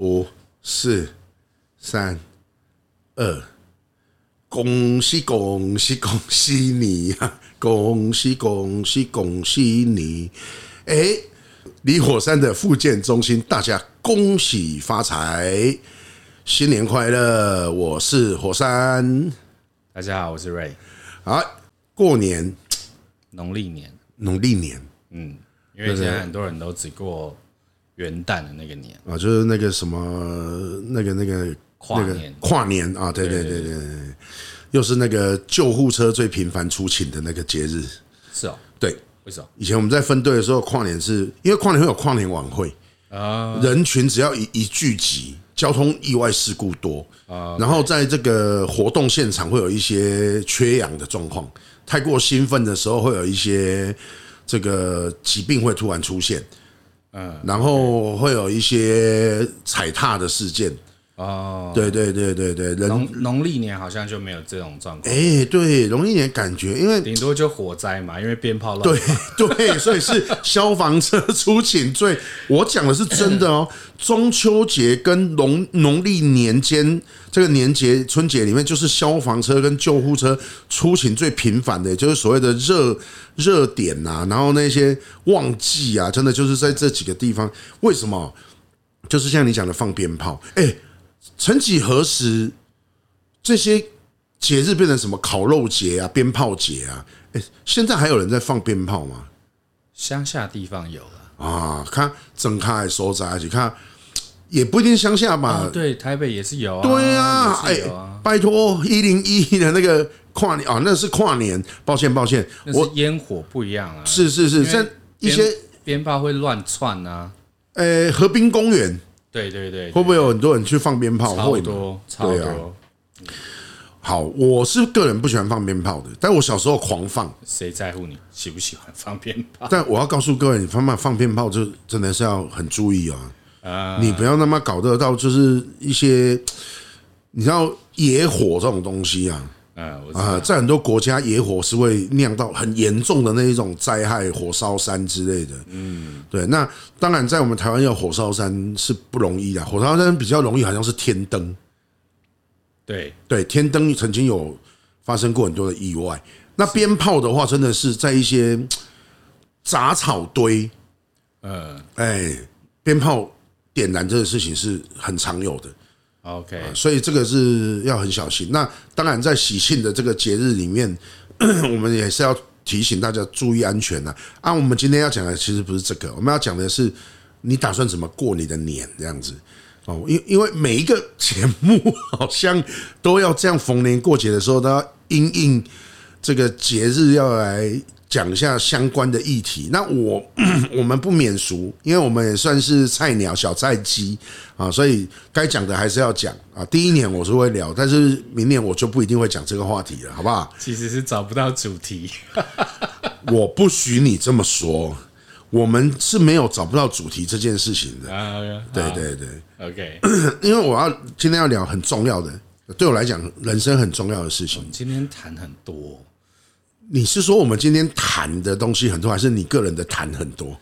五四三二，恭喜恭喜恭喜你呀！恭喜恭喜恭喜你！誒，李火山的腹賤中心，大家恭喜發財，新年快樂！我是火山，大家好，我是 Ray。好，過年，農曆年，農曆年，嗯，因為現在很多人都只過。元旦的那個年啊，就是那個什麼那個那個跨年跨年啊，對對對對對，又是那個救護車最頻繁出勤的那個節日，是哦，對，為什麼？以前我們在分隊的時候，跨年是因為跨年會有跨年晚會啊，人群只要一一聚集，交通意外事故多啊，然後在這個活動現場會有一些缺氧的狀況，太過興奮的時候會有一些這個疾病會突然出現。嗯，然後會有一些踩踏的事件。哦、oh，對對對對對農，農農曆年好像就沒有這種狀況。哎，對，農曆年感覺因為頂多就火災嘛，因為鞭炮亂。對對，所以是消防車出勤最。 我講的是真的哦，中秋節跟農農曆年間這個年節、春節裡面，就是消防車跟救護車出勤最頻繁的，就是所謂的熱熱點吶、啊，然後那些旺季啊，真的就是在這幾個地方。為什麼？就是像你講的放鞭炮，哎、欸。曾幾何時，這些節日變成什麼烤肉節啊、鞭炮節啊？哎，現在還有人在放鞭炮嗎？鄉下地方有啊。啊，看整塊收窄一起看，也不一定鄉下吧。對，台北也是有。對啊，哎，拜託，一零一的那個跨年啊，那是跨年，抱歉抱歉，我煙火不一樣啊。是是是，是，但一些鞭炮會亂竄啊。誒，河濱公園。對對對，對會不會有很多人去放鞭炮？會多，對啊。好，我是個人不喜歡放鞭炮的，但我小時候狂放。誰在乎你喜不喜歡放鞭炮？但我要告訴各位，你他媽放鞭炮就真的是要很注意啊！啊，你不要那麼搞得到，就是一些你知道野火這種東西啊。啊、呃，在很多國家，野火是會釀到很嚴重的那一種災害，火燒山之類的。嗯，對。那當然，在我們台灣要火燒山是不容易的。火燒山比較容易，好像是天燈。對對，天燈曾經有發生過很多的意外。那鞭炮的話，真的是在一些雜草堆，呃，哎，鞭炮點燃這個事情是很常有的。OK，所以這個是要很小心。那當然，在喜慶的這個節日裡面，我們也是要提醒大家注意安全啊。啊，我們今天要講的其實不是這個，我們要講的是你打算怎麼過你的年這樣子哦。因因為每一個節目好像都要這樣，逢年過節的時候，都要因應這個節日要來。講一下相關的議題。那我咳咳，我們不免俗，因為我們也算是菜鳥小菜雞啊，所以該講的還是要講啊。第一年我是會聊，但是明年我就不一定會講這個話題了，好不好？其實是找不到主題。我不許你這麼說，我們是沒有找不到主題這件事情的。對對對，OK。因為我要今天要聊很重要的，對我來講人生很重要的事情。今天談很多。你是說我們今天談的東西很多，還是你個人的痰很多？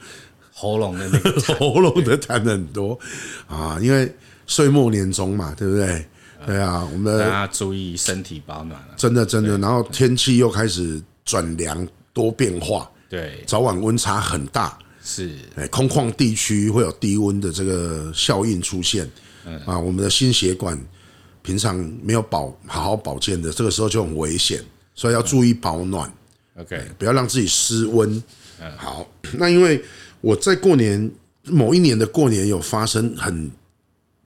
喉嚨的那個， 喉嚨的痰很多啊，因為歲末年終嘛，對不對？對啊，我們大家注意身體保暖了。真的，真的。然後天氣又開始轉涼，多變化。對，早晚溫差很大。是，哎，空曠地區會有低溫的這個效應出現。啊，我們的心血管平常沒有保好好保健的，這個時候就很危險。所以要注意保暖，OK，不要讓自己失溫。好，那因為我在過年某一年的過年有發生很，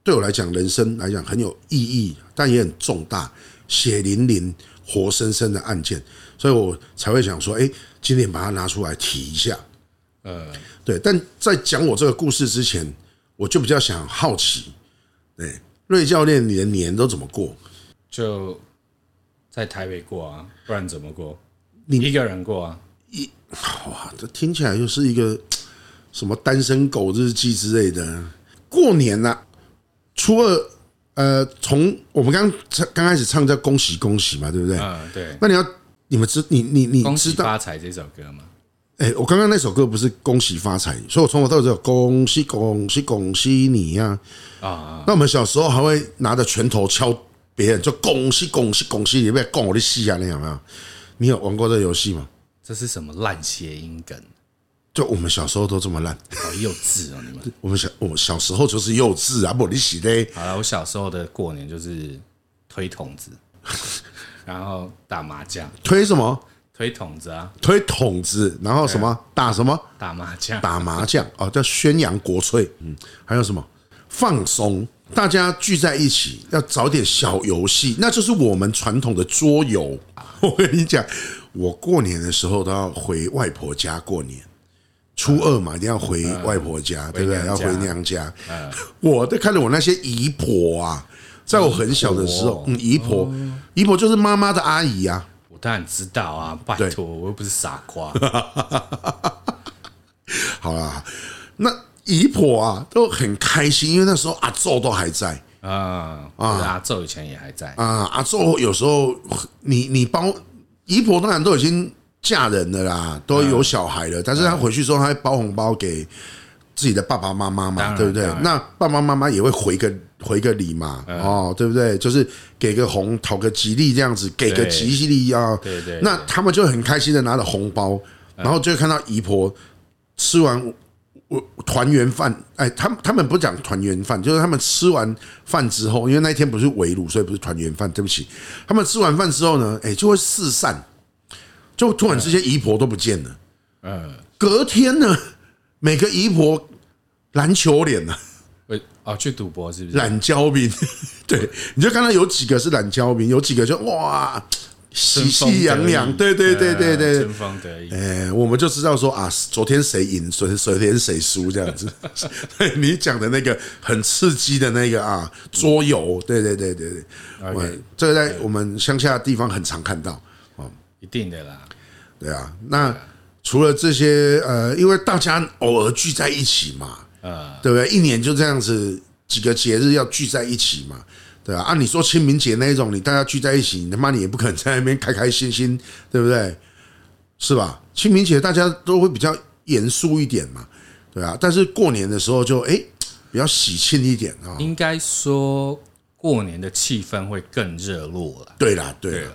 對我來講人生來講很有意義，但也很重大、血淋淋、活生生的案件，所以我才會想說，哎、欸，今天把它拿出來提一下。呃，對，但在講我這個故事之前，我就比較想好奇，對，瑞教練你的年都怎麼過？就。在台北過啊，不然怎麼過？你一個人過啊？一哇，這聽起來又是一個什麼單身狗日記之類的。過年吶、啊，除了呃，從我們剛剛剛開始唱叫“恭喜恭喜”嘛，對不對？啊、嗯，對。那你要，你們知道你你你知道“發財”這首歌嗎？哎、欸，我剛剛那首歌不是“恭喜發財”，所以我從頭到尾有“恭喜恭喜恭喜你、啊”呀。啊，那我們小時候還會拿着拳頭敲。別、欸、人就恭喜恭喜恭喜，講講講講你不要恭我的喜啊！你有沒有？你有玩過這個遊戲嗎？這是什麼爛諧音梗？就我們小時候都這麼爛，好幼稚啊！你們，我們小我小時候就是幼稚啊！不，你喜的。好了，我小時候的過年就是推筒子，然後打麻將。推什麼？推筒子啊！推筒子，然後什麼？打什麼？打麻將。打麻將哦，叫宣揚國粹。嗯，還有什麼放鬆？大家聚在一起要找點小遊戲，那就是我們傳統的桌遊。我跟你講，我過年的時候都要回外婆家過年，初二嘛，一定要回外婆家，對不對？要回娘家。我在看着我那些姨婆啊，在我很小的時候，嗯，姨婆姨婆就是媽媽的阿姨啊。我當然知道啊，拜托，我又不是傻瓜。好啦，啊，那。姨婆啊都很開心，因為那時候阿祖都還在啊啊，阿祖以前也還在啊，啊。阿祖有時候，你你包姨婆當然都已經嫁人了啦，都有小孩了。但是他回去之後，他會包紅包給自己的爸爸媽媽嘛，嘛、嗯，對不、啊、對？那爸爸媽媽也會回個回個禮嘛，哦、嗯，對不對？就是給個紅，討個吉利這樣子，給個吉利啊。對對。那他們就很開心的拿着紅包，然後就會看到姨婆吃完團圓飯，哎，他們他們不講團圓飯，就是他們吃完飯之後，因為那一天不是圍爐，所以不是團圓飯。對不起，他們吃完飯之後呢，哎，就會四散，就突然之間姨婆都不見了。隔天呢，每個姨婆籃球臉呢，啊，去賭博是不是？懶交民，對，你就看到有幾個是懶交民，有幾個就哇。喜氣洋洋，對對對對對，哎，我們就知道說啊，昨天誰贏，昨天誰輸，這樣子。 你講的那個很刺激的那個啊，桌遊，對對對對對，對，okay, 這個在我們鄉下的地方很常看到，嗯，一定的啦，對啊。那除了這些呃，因為大家偶爾聚在一起嘛，呃，對不對？一年就這樣子幾個節日要聚在一起嘛。對啊，按、啊、你說清明節那一種，你大家聚在一起，你他媽你也不可能在那邊開開心心，對不對？是吧？清明節大家都會比較嚴肅一點嘛，對啊。但是過年的時候就哎，比較喜慶一點啊、哦。應該說過年的氣氛會更熱絡了。對啦，對啦，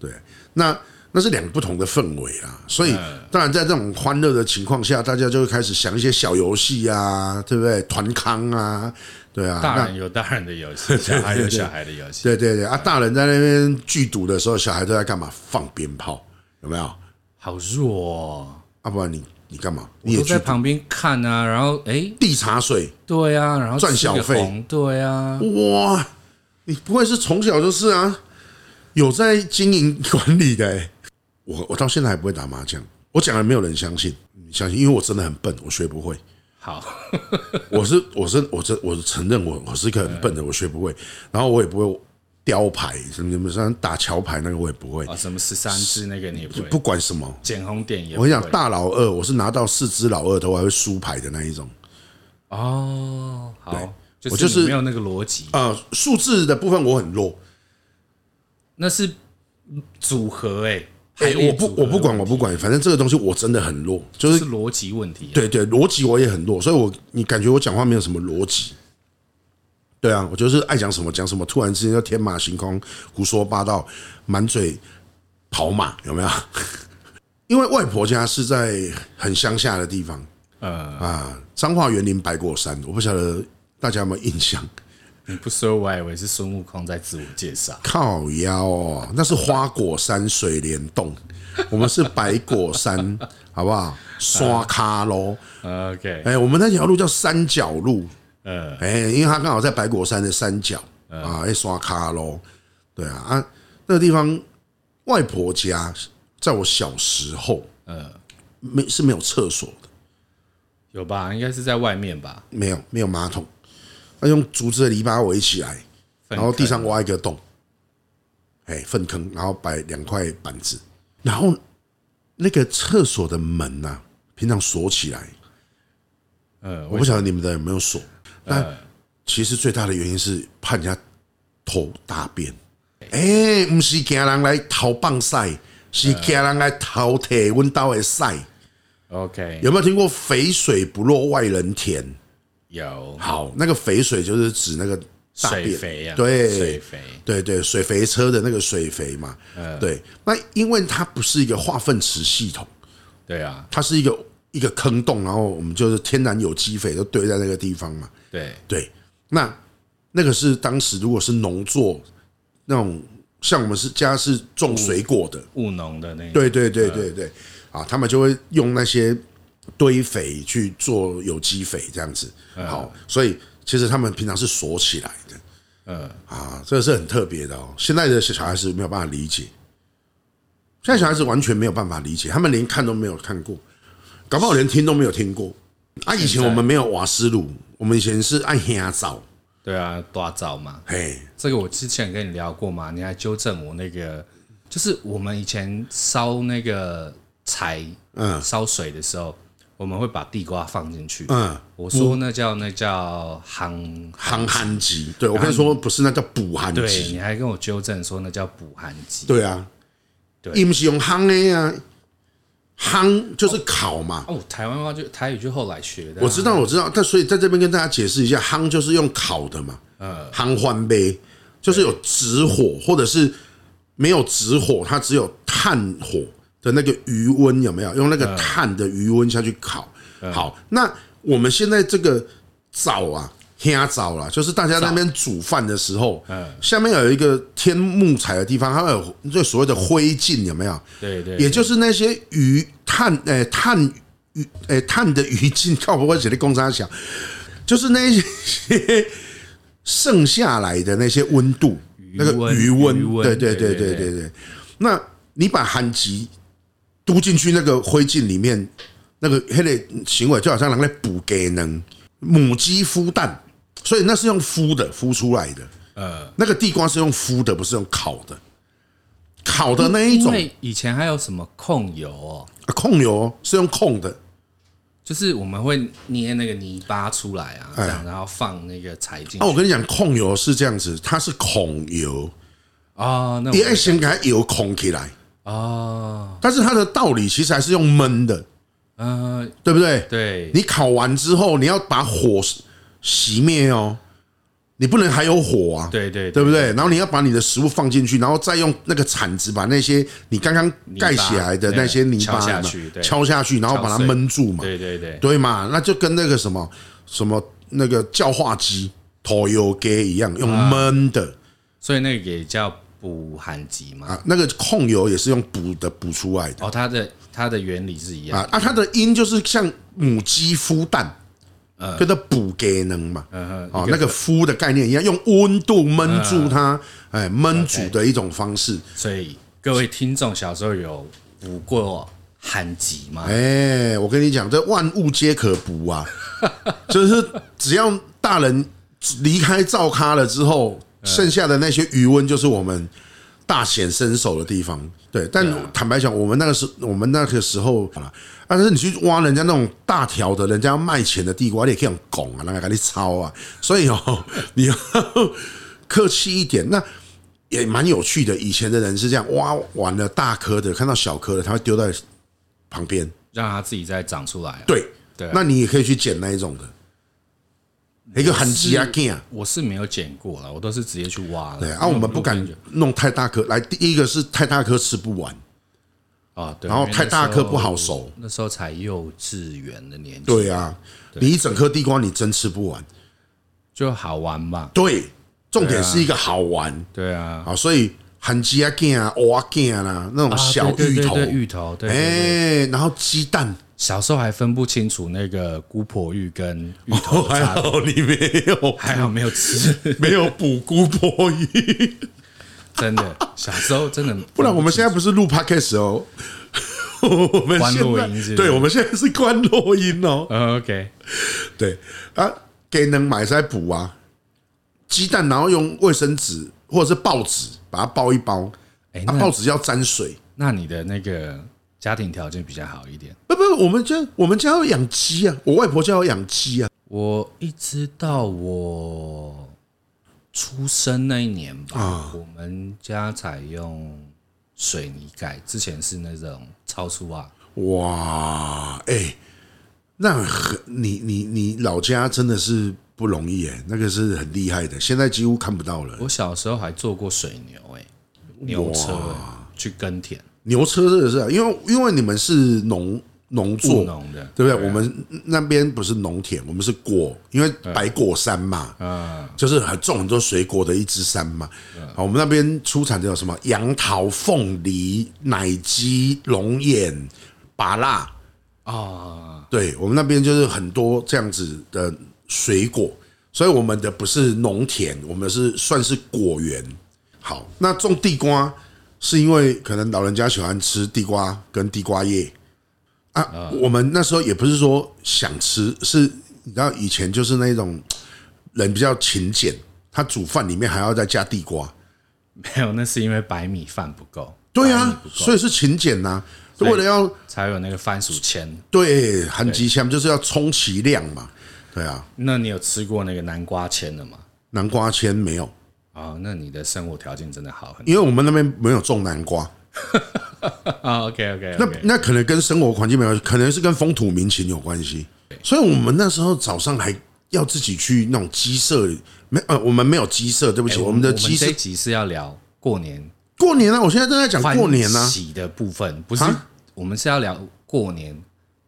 對，對，那。那是兩個不同的氛圍啊，所以當然在這種歡樂的情況下，大家就會開始想一些小遊戲啊，對不對？團康啊，對啊。大人有大人的遊戲，小孩有小孩的遊戲。對對對啊，大人在那邊聚賭的時候，小孩都在幹嘛？放鞭炮有沒有？好弱啊！要不然你你幹嘛？你在旁邊看啊，然後哎，遞茶水。對啊，然後賺小費。對啊。哇，你不會是從小就是啊，有在經營管理的、欸？我我到現在還不會打麻將，我講了沒有人相信，相信，因為我真的很笨，我學不會。好，我是我是我是我是承認我我是一個很笨的，我學不會。然後我也不會雕牌，什麼什麼打橋牌那個我也不會。什麼十三支那個你也不不管什麼撿紅點也我跟你講大老二，我是拿到四隻老二都還會輸牌的那一種。哦，好，我就是沒有那個邏輯啊，數字的部分我很弱，那是組合哎、欸。哎、欸，我不，我不管，我不管，反正這個東西我真的很弱，就是邏輯、就是、問題、啊。對，對對，邏輯我也很弱，所以我，我你感覺我講話沒有什麼邏輯？對啊，我就是愛講什麼講什麼，突然之間就天馬行空、胡說八道、滿嘴跑馬，有沒有？因為外婆家是在很鄉下的地方，呃啊，彰化園林、百果山，我不曉得大家有沒有印象。你不說，我還以為是孫悟空在自我介紹。靠腰哦，那是花果山水簾洞。我們是白果山，好不好？刷卡咯。OK，哎，我們那條路叫三角路。嗯，哎，因為他剛好在白果山的三角啊，哎，刷卡咯。對啊，啊，那個地方外婆家，在我小時候，呃，沒是沒有廁所的，有吧？應該是在外面吧？沒有，沒有馬桶。用竹子的籬笆圍起來，然後地上挖一個洞，哎，糞坑，然後擺兩塊板子，然後那個廁所的門吶、啊，平常鎖起來。呃，我不曉得你們的有沒有鎖。但其實最大的原因是怕人家偷大便。哎，不是驚人來投棒賽，是驚人來投體溫刀的賽。OK，有沒有聽過肥水不落外人田？有好，那個肥水就是指那個大便水肥呀，對，水肥，對對，對，水肥車的那個水肥嘛，嗯，對。那因為它不是一個化糞池系統，對啊，它是一個一個坑洞，然後我們就是天然有機肥都堆在那個地方嘛，對對。那那個是當時如果是農作那種，像我們是家是種水果的，務農的那，對對對對對，啊，他們就會用那些。堆肥去做有機肥，這樣子好，所以其實他們平常是鎖起來的，嗯啊，這個是很特別的哦。現在的小,小孩子沒有辦法理解，現在小孩子完全沒有辦法理解，他們連看都沒有看過，搞不好連聽都沒有聽過。啊，以前我們沒有瓦斯爐，我們以前是按香灶，對啊，大灶嘛。嘿，這個我之前跟你聊過嘛，你還糾正我那個，就是我們以前燒那個柴，嗯，燒水的時候。我們會把地瓜放進去。嗯，我說那叫那叫夯夯夯雞。對，我跟你說不是，那叫補夯雞。對，你還跟我糾正說那叫補夯雞。對啊，對，你不是用夯的呀，夯就是烤嘛。哦，台灣話就台語就後來學的。我知道，我知道，但所以在這邊跟大家解釋一下，夯就是用烤的嘛。嗯，夯歡杯就是有直火，或者是沒有直火，它只有炭火。的那個餘溫有沒有用那個炭的餘溫下去烤？好，那我們現在這個灶啊，天啊灶啦，就是大家那邊煮飯的時候，下面有一個添木材的地方，它會有就所謂的灰燼有沒有？對對，也就是那些餘炭。誒，炭餘，誒，炭的餘燼，靠，不過這的工商小，就是那些剩下來的那些溫度，那個餘溫，對對對對對對，對，那你把寒極丟進去那個灰燼裡面，那個黑的行為就好像人在補給能母雞孵蛋，所以那是用孵的，孵出來的。呃，那個地瓜是用孵的，不是用烤的。烤的那一種，以前還有什麼控窯哦？控窯是用控的，就是我們會捏那個泥巴出來啊，這樣然後放那個柴進去哦、啊啊、我跟你講，控窯是這樣子，它是控窯啊。你愛先給窯控起來。哦，但是它的道理其實還是用燜的，嗯，對不對？對，你烤完之後，你要把火熄滅哦，你不能還有火啊，對對，對不對？然後你要把你的食物放進去，然後再用那個鏟子把那些你剛剛蓋起來的那些泥巴敲下去，敲下去，然後把它燜住嘛，對對對，對嘛，那就跟那個什麼什麼那個叫化雞、拖油給一樣，用燜的，所以那個也叫。補寒劑嘛，啊，那個控油也是用補的補出來的哦，它的它的原理是一樣啊，啊，它的音就是像母雞孵蛋，跟、嗯、叫做補給能嘛，嗯嗯，哦、就是，那個孵的概念一樣，用溫度燜住它，哎、嗯，燜、欸、煮的一種方式。Okay. 所以各位聽眾小時候有補過寒劑嗎？哎、欸，我跟你講，這萬物皆可補啊， 就是只要大人離開灶咖了之後。剩下的那些餘溫，就是我們大顯身手的地方。對，但坦白講，我們那個時候，我們那個時候啊，啊，但是你去挖人家那種大條的，人家要賣錢的地瓜，你也可以用拱啊，那個給你抄啊。所以哦，你要客氣一點，那也蠻有趣的。以前的人是這樣，挖完了大顆的，看到小顆的，他會丟在旁邊，讓它自己再長出來啊。對對啊，那你也可以去撿那一種的。一個很急啊！我是沒有剪過了，我都是直接去挖的。啊，我們不敢弄太大顆來。第一個是太大顆吃不完啊，然後太大顆不好熟。那時候才幼稚園的年紀，對啊，你一整顆地瓜你真吃不完，就好玩嘛。對，重點是一個好玩。對啊，啊，所以很急啊，啊，那種小芋頭、芋頭，哎，然後雞蛋。小時候還分不清楚那個姑婆芋跟芋頭的差別，還好你沒有， 還好沒有吃，沒有補姑婆芋。真的，小時候真的，不然我們現在不是錄 podcast 哦？我們現在，對我們現在是觀落陰哦。OK，對啊，給能買在補啊，雞蛋，然後用衛生紙或者是報紙把它包一包。哎，那報紙要沾水，那你的那個。家庭條件比較好一點，不不，我們家我們家要養雞啊，我外婆家要養雞啊。我一直到我出生那一年吧，我們家採用水泥蓋，之前是那種草屋啊。哇，哎，那很，你你你老家真的是不容易哎，那個是很厲害的，現在幾乎看不到了。我小時候還坐過水牛哎、欸，牛車、欸、去耕田。牛車是不是？因為因為你們是農農作，對不對？我們那邊不是農田，我們是果，因為百果山嘛，嗯，就是很種很多水果的一支山嘛。我們那邊出產的有什麼？楊桃、鳳梨、奶雞、龍眼、芭樂啊！對，我們那邊就是很多這樣子的水果，所以我們的不是農田，我們是算是果園。好，那種地瓜。是因為可能老人家喜歡吃地瓜跟地瓜葉啊、嗯，我們那時候也不是說想吃，是你知道以前就是那種人比較勤儉，他煮飯裡面還要再加地瓜，沒有，那是因為白米飯不夠，對啊，所以是勤儉吶、啊，為了要才有那個番薯籤，對，很極強就是要充其量嘛，對啊，那你有吃過那個南瓜籤的嗎？南瓜籤沒有。哦，那你的生活條件真的好很，因為我們那邊沒有種南瓜。啊、 oh, okay，OK OK，那那可能跟生活環境沒有關係，可能是跟風土民情有關係。所以，我們那時候早上還要自己去那種雞舍，沒呃，我們沒有雞舍，對不起，欸、我，們我們的雞舍。我們這一集是要聊過年，過年啊！我現在正在講過年啊，洗的部分不是、啊，我們是要聊過年。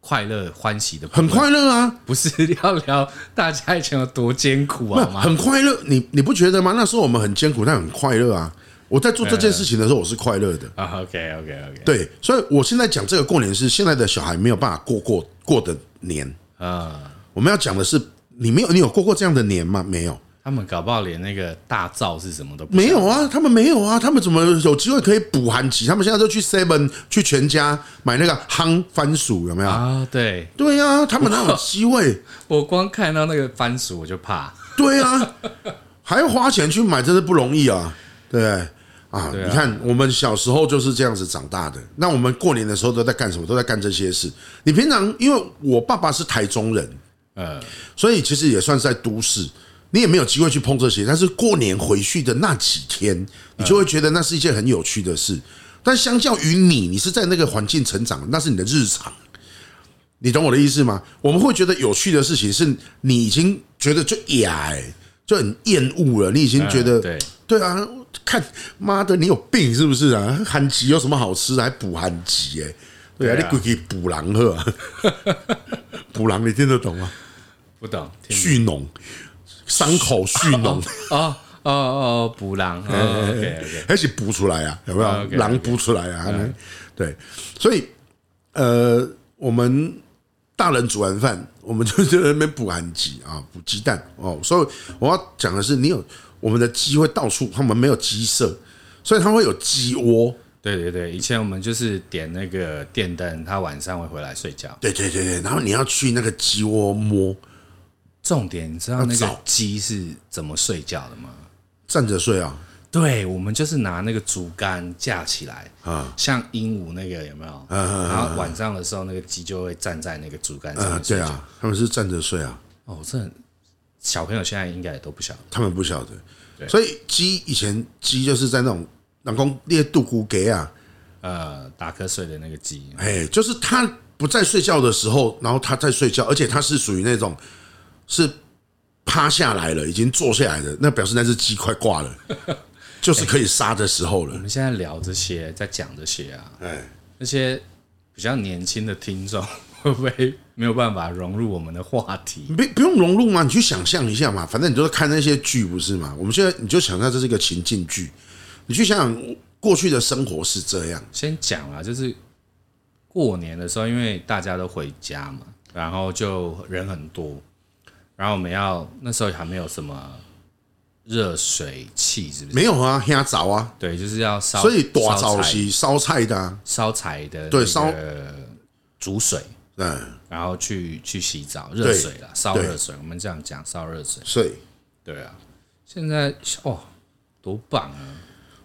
快樂歡喜的，很快樂啊！不是要聊大家以前有多艱苦啊，很快樂啊，你你不覺得嗎？那時候我們很艱苦，但很快樂啊！我在做這件事情的時候，我是快樂的啊。OK OK OK，對，所以我現在講這個過年是現在的小孩沒有辦法過過過的年啊。我們要講的是，你沒有你有過過這樣的年嗎？沒有。他們搞不好連那個大灶是什麼都沒有啊！他們沒有啊！他們怎麼有機會可以補韓籍？他們現在都去 Seven、去全家買那個夯番薯，有沒有啊？對對啊，他們哪有機會？我光看到那個番薯我就怕。對啊，還要花錢去買，真是不容易啊，啊！對啊，你看我們小時候就是這樣子長大的。那我們過年的時候都在幹什麼？都在幹這些事。你平常因為我爸爸是台中人，呃，所以其實也算是在都市。你也沒有機會去碰這些，但是過年回去的那幾天，你就會覺得那是一件很有趣的事。但相較於你，你是在那個環境成長的，那是你的日常。你懂我的意思嗎？我們會覺得有趣的事情，是你已經覺得就厭、欸，就很厭惡了。你已經覺得對對啊，看媽的，你有病是不是啊？含雞有什麼好吃，還補寒雞？哎，對啊，你估計補狼鶴，補狼，你聽得懂嗎？不懂，蓄濃。傷口蓄膿、哦。哦哦哦，補、哦、狼。OK，還、嗯嗯嗯、是補出來啊？有沒有？狼、啊、補出來啊、okay, okay.？對，所以呃，我們大人煮完飯，我們就在那邊補安雞啊，補、喔、雞蛋哦、喔。所以我要講的是，你有我們的雞會到處，他們沒有雞舍，所以它會有雞窩。對對對，以前我們就是點那個電燈，他晚上會回來睡覺。對對對對，然後你要去那個雞窩摸。重點，你知道那個雞是怎麼睡覺的嗎？站着睡啊！對，我們就是拿那個竹竿架起來啊，像鸚鵡那個有沒有、啊？然後晚上的時候，那個雞就會站在那個竹竿上、啊。對啊，他們是站着睡啊。哦，這小朋友現在應該也都不曉得，他們不曉得。對，所以雞以前雞就是在那種老公烈杜古給啊，呃，打瞌睡的那個雞。哎，就是它不在睡覺的時候，然後它在睡覺，而且它是屬於那種。是趴下來了，已經坐下來了，那表示那隻雞快掛了，就是可以殺的時候了。 欸、我們現在聊這些，在講這些啊，哎，那些比較年輕的聽眾會不會沒有辦法融入我們的話題？不，不用融入嗎？你去想象一下嘛，反正你都是看那些劇，不是嘛？我們現在你就想象這是一個情境劇，你去想想過去的生活是這樣。先講啊，就是過年的時候，因為大家都回家嘛，然後就人很多。然後我們要那時候還沒有什麼熱水器，是不是？沒有啊，洗澡啊，對，就是要燒，所以大少洗燒，燒菜的，燒柴的，對，燒煮、那個、水，嗯，然後去去洗澡，熱水啦，燒熱水，我們這樣講燒熱水，睡，對啊，現在哦，多棒啊！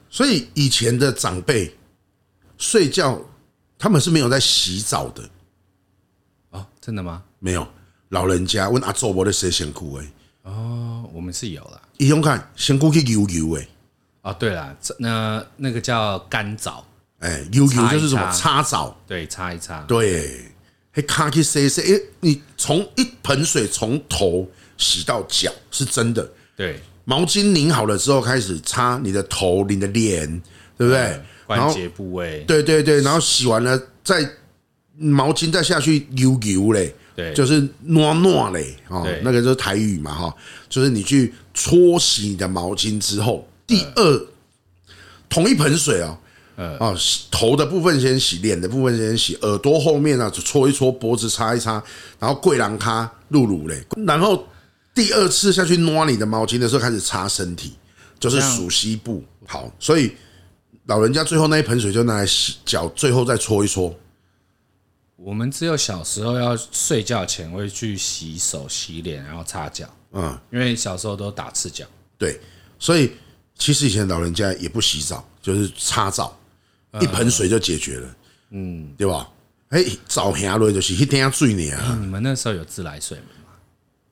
所以以前的長輩睡覺，他們是沒有在洗澡的啊、哦？真的嗎？沒有。老人家問阿祖我爺爺洗的身軀誒，哦，我們是有了。伊用看身軀去揉揉誒，哦，對了，那那個叫乾澡，哎，揉揉就是什麼擦澡，對，擦一擦，對，還擦，一擦去洗一洗，哎，你從一盆水從頭洗到腳是真的，對，毛巾擰好了之後開始擦你的頭，你的臉，對不對？關節部位，對對對，然後洗完了再毛巾再下去揉揉嘞。對，就是挪挪嘞，哦，那個就是台語嘛，哈，就是你去搓洗你的毛巾之後，第二同一盆水哦，呃，洗頭的部分先洗，臉的部分先洗，耳朵後面呢、啊、搓一搓，脖子擦一擦，然後桂蘭咖露露嘞，然後第二次下去挪你的毛巾的時候開始擦身體，就是數膝部，好，所以老人家最後那一盆水就拿來洗腳，最後再搓一搓。我們只有小時候要睡覺前會去洗手、洗臉，然後擦腳。嗯，因為小時候都打赤腳。對，所以其實以前老人家也不洗澡，就是擦澡，一盆水就解決了。嗯，對吧？哎，早霞落就洗，一定要睡你啊！你們那時候有自來水嗎？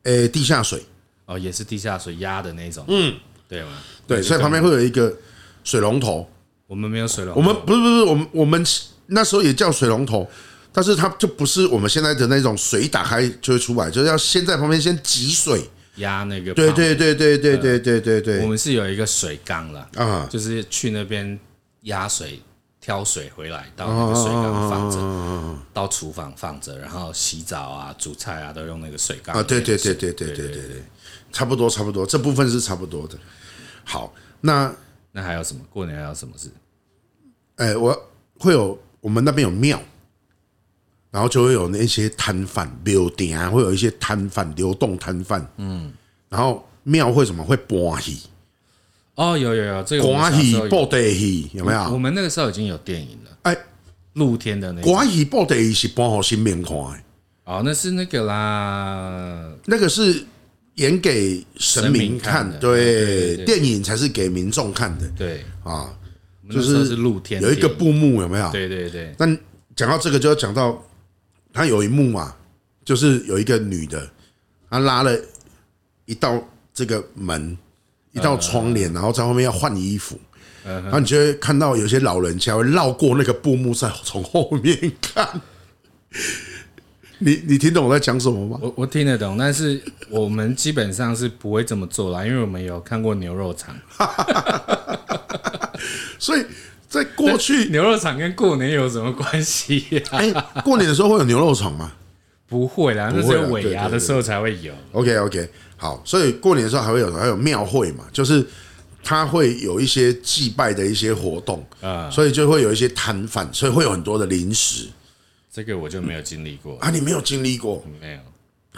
哎，地下水哦，也是地下水壓的那種。嗯，對嗎？對，所以旁邊會有一個水龍頭。我們沒有水龍，我們不是不是，我們我們那時候也叫水龍頭。但是它就不是我們現在的那種水打開就會出來，就是要先在旁邊先擠水壓那個。對對對對對對對對對。我們是有一個水缸了，啊，就是去那邊壓水、挑水回來，到那個水缸放着，到廚房放着，然後洗澡啊、煮菜啊都用那個水缸。啊，對對對對對對對對，差不多差不多，這部分是差不多的。好，那那還有什麼？過年還有什麼事？哎，我會有，我們那邊有廟。然後就會有那些攤販，廟頂啊，會有一些攤販，流動攤販。嗯，然後廟會什麼會播戲？哦，有有有，這個歌仔戲、布袋戲有沒、呃、有？我們那個時候已經有電影了。哎、欸，露天的那歌仔戲、布袋戲是播好新面孔。哦、呃，那是那個啦，那個是演給神明看，神明看的。對，對對對對電影才是給民眾看的。對，對，對，對啊，就是露天有一個布幕，有沒有？對對對。那講到這個就要講到。他有一幕嘛，就是有一個女的，她拉了一道這個門，一道窗簾，然後在後面要換衣服，然後你就會看到有些老人家會繞過那個布幕，再從後面看。你你聽懂我在講什麼嗎？我我聽得懂，但是我們基本上是不會這麼做啦，因為我們有看過牛肉場， 所以。在過去，牛肉場跟過年有什麼關係啊？哎、欸，過年的時候會有牛肉場嗎？不會啦，會啦，那是尾牙的時候才會有。OK，OK，okay, okay, 好，所以過年的時候還會有還有廟會嘛，就是他會有一些祭拜的一些活動啊、呃，所以就會有一些攤販，所以會有很多的零食。嗯、這個我就沒有經歷過、嗯、啊，你沒有經歷過，沒有。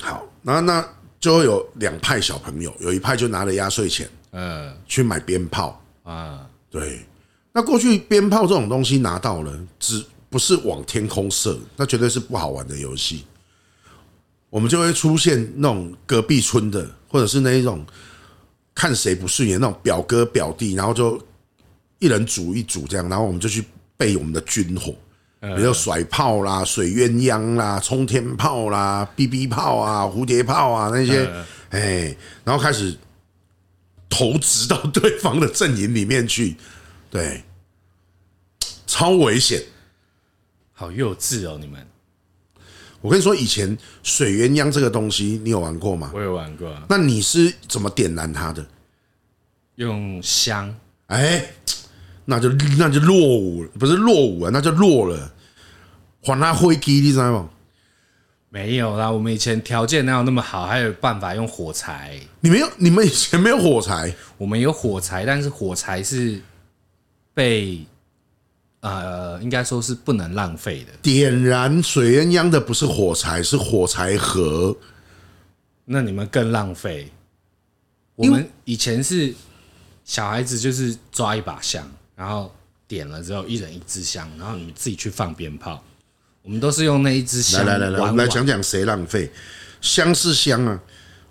好，那那就會有兩派小朋友，有一派就拿了壓歲錢，嗯、呃，去買鞭炮啊、呃，對。那過去鞭炮這種東西拿到了，只不是往天空射，那絕對是不好玩的遊戲。我們就會出現那種隔壁村的，或者是那一種看誰不順眼那種表哥表弟，然後就一人組一組這樣，然後我們就去背我們的軍火，比如說甩炮啦、水鴛鴦啦、沖天炮啦、BB 炮啊、蝴蝶炮啊那些，哎，然後開始投擲到對方的陣營裡面去，對。超危險！好幼稚哦，你們！我跟你說，以前水鴛鴦這個東西，你有玩過嗎？我有玩過、啊。那你是怎麼點燃它的？用香？哎、欸，那就那就落伍了，不是落伍啊，那就落了。還拿灰機？你知道嗎？沒有啦，我們以前條件哪有那麼好，還有辦法用火柴。你沒有？你們以前沒有火柴？我們有火柴，但是火柴是被。呃，應該說是不能浪費的。點燃水鴛鴦的不是火柴，是火柴盒。那你們更浪費。我們以前是小孩子，就是抓一把香，然後點了之後，一人一支香，然後你們自己去放鞭炮。我們都是用那一支香。來來來來，我們來講講誰浪費。香是香啊，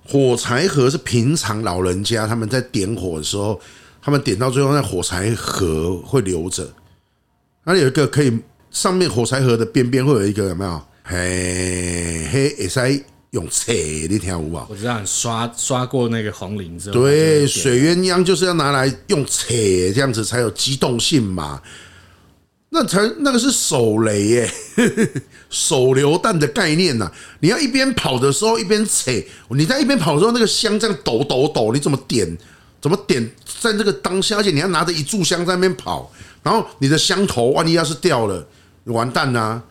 火柴盒是平常老人家他們在點火的時候，他們點到最後，那火柴盒會留着。那裡有一個可以上面火柴盒的邊邊會有一個有沒有？嘿嘿，會使用扯，你聽到無？我覺得你刷刷過那個紅領之對水鴛鴦就是要拿來用扯這樣子才有機動性嘛。那才那個是手雷耶，手榴彈的概念吶、啊。你要一邊跑的時候一邊扯，你在一邊跑的時候那個香這樣抖抖抖，你怎麼點？怎麼點？在那個當下，而且你要拿着一炷香在那邊跑。然後你的香頭，萬一要是掉了，完蛋啦、啊。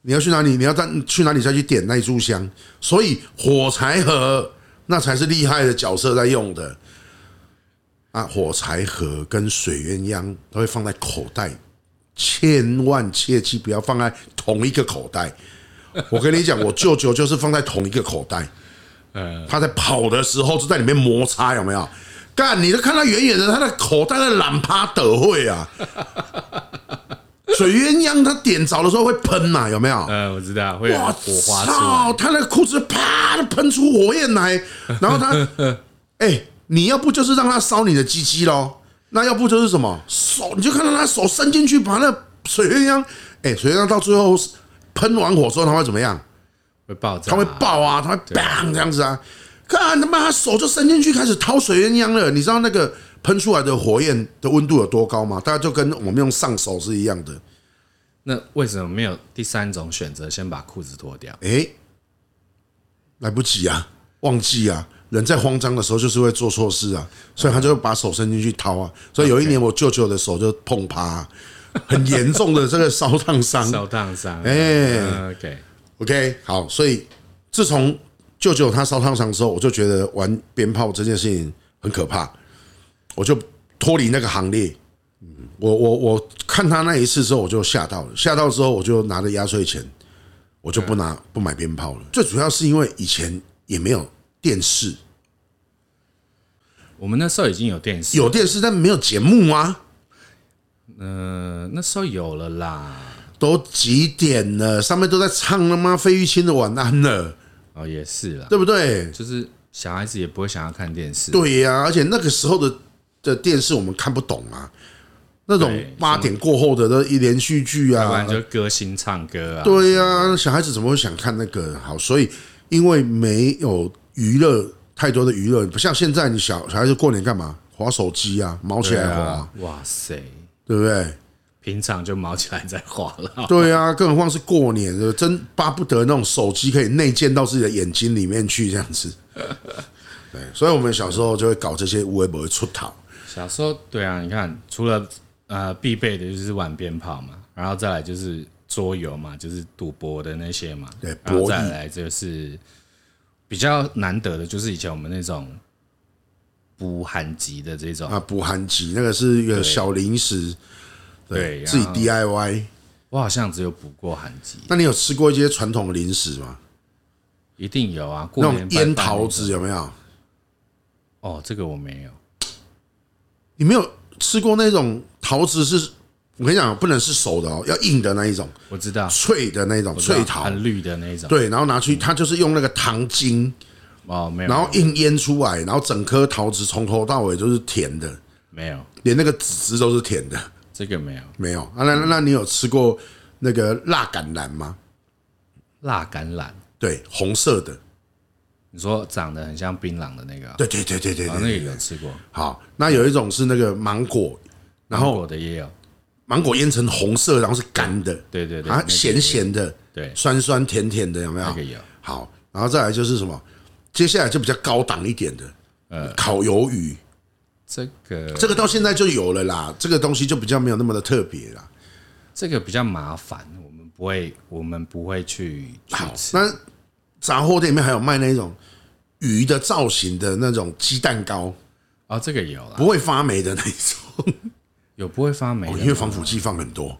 你要去哪裡？你要再去哪裡再去點那一炷香？所以火柴盒那才是厲害的角色在用的啊！火柴盒跟水鴛鴦都會放在口袋，千萬切記不要放在同一個口袋。我跟你講，我舅舅就是放在同一個口袋，呃，他在跑的時候就在裡面摩擦，有沒有？你看，你都看他遠遠的，他的口袋在懶趴得會啊，水鴛鴦他點着的時候會噴嘛？有沒有？我知道。哇，操！他的褲子啪，噴出火焰來，然後他、欸，你要不就是讓他燒你的雞雞嘍？那要不就是什麼手？你就看到他手伸進去，把那水鴛鴦，哎，水鴛鴦到最後噴完火之後，他會怎麼樣？會爆炸？他會爆啊！他會 bang 這樣子啊！看，他媽他手就伸進去開始掏水鴛鴦了，你知道那個噴出來的火焰的溫度有多高嗎？大家就跟我們用上手是一樣的。那為什麼沒有第三種選擇？先把褲子脫掉？哎，來不及啊，忘記啊。人在慌張的時候就是會做錯事啊，所以他就會把手伸進去掏啊。所以有一年我舅舅的手就碰趴啊，很嚴重的這個燒燙傷。燒燙傷。哎，OK OK，好，所以自從。舅舅他燒燙傷之後，我就覺得玩鞭炮這件事情很可怕，我就脫離那個行列。我我我看他那一次之後，我就嚇到了，嚇到之後我就拿着壓歲錢，我就不拿不買鞭炮了。最主要是因為以前也沒有電視，我們那時候已經有電視，有電視但沒有節目啊。嗯，那時候有了啦，都幾點了，上面都在唱了嗎，費玉清的晚安了。哦，也是啦，對不對？就是小孩子也不會想要看電視、啊。對呀、啊，而且那個時候的的電視我們看不懂啊，那種八點過後的那一連續劇啊，不然就歌星唱歌啊。對呀，小孩子怎麼會想看那個？好，所以因為沒有娛樂太多的娛樂，不像現在，你小小孩子過年幹嘛？滑手機啊，毛起來啊,啊。哇塞，對不對？平常就毛起來在滑了、啊，對啊，更何況是過年，就真巴不得那種手機可以內建到自己的眼睛裡面去這樣子。對，所以我們小時候就會搞這些微博不會出逃。小時候，對啊，你看，除了呃必備的就是玩鞭炮嘛，然後再來就是桌遊嘛，就是賭博的那些嘛，對，然後再來就是比較難得的就是以前我們那種補寒集的這種啊，補寒集那個是一個小零食。對自己 DIY、啊、我好像只有補過寒雞。那你有吃過一些傳統的零食嗎？一定有啊，過年拜拜，那種醃桃子有沒有？哦，這個我沒有。你沒有吃過那種桃子是？我跟你講，不能是熟的哦，要硬的那一種。我知道，脆的那種，脆桃，很綠的那一種。對，然後拿去，嗯、它就是用那個糖精哦，沒有，然後硬醃出來、嗯，然後整顆桃子從頭到尾都是甜的，沒有，連那個籽汁都是甜的。這個沒有，沒有啊。那那，那你有吃過那個辣橄欖嗎？辣橄欖，對，紅色的。你說長得很像檳榔的那個喔？對對對對對，那個有吃過。好，那有一種是那個芒果，然後，嗯，然後芒果的也有芒果醃成紅色，然後是乾的對，對對對，啊，鹹鹹的，對，酸酸甜甜的，有沒有？這個有。好，然後再來就是什麼？接下來就比較高檔一點的，呃，烤魷魚。這個這個到現在就有了啦，這個東西就比較沒有那麼的特別啦，這個比較麻煩，我們不會，我們不會去，去吃，啊。那雜貨店裡面還有賣那種魚的造型的那種雞蛋糕啊，這個有啦。不會發霉的那種，有不會發霉，哦，因為防腐劑放很多，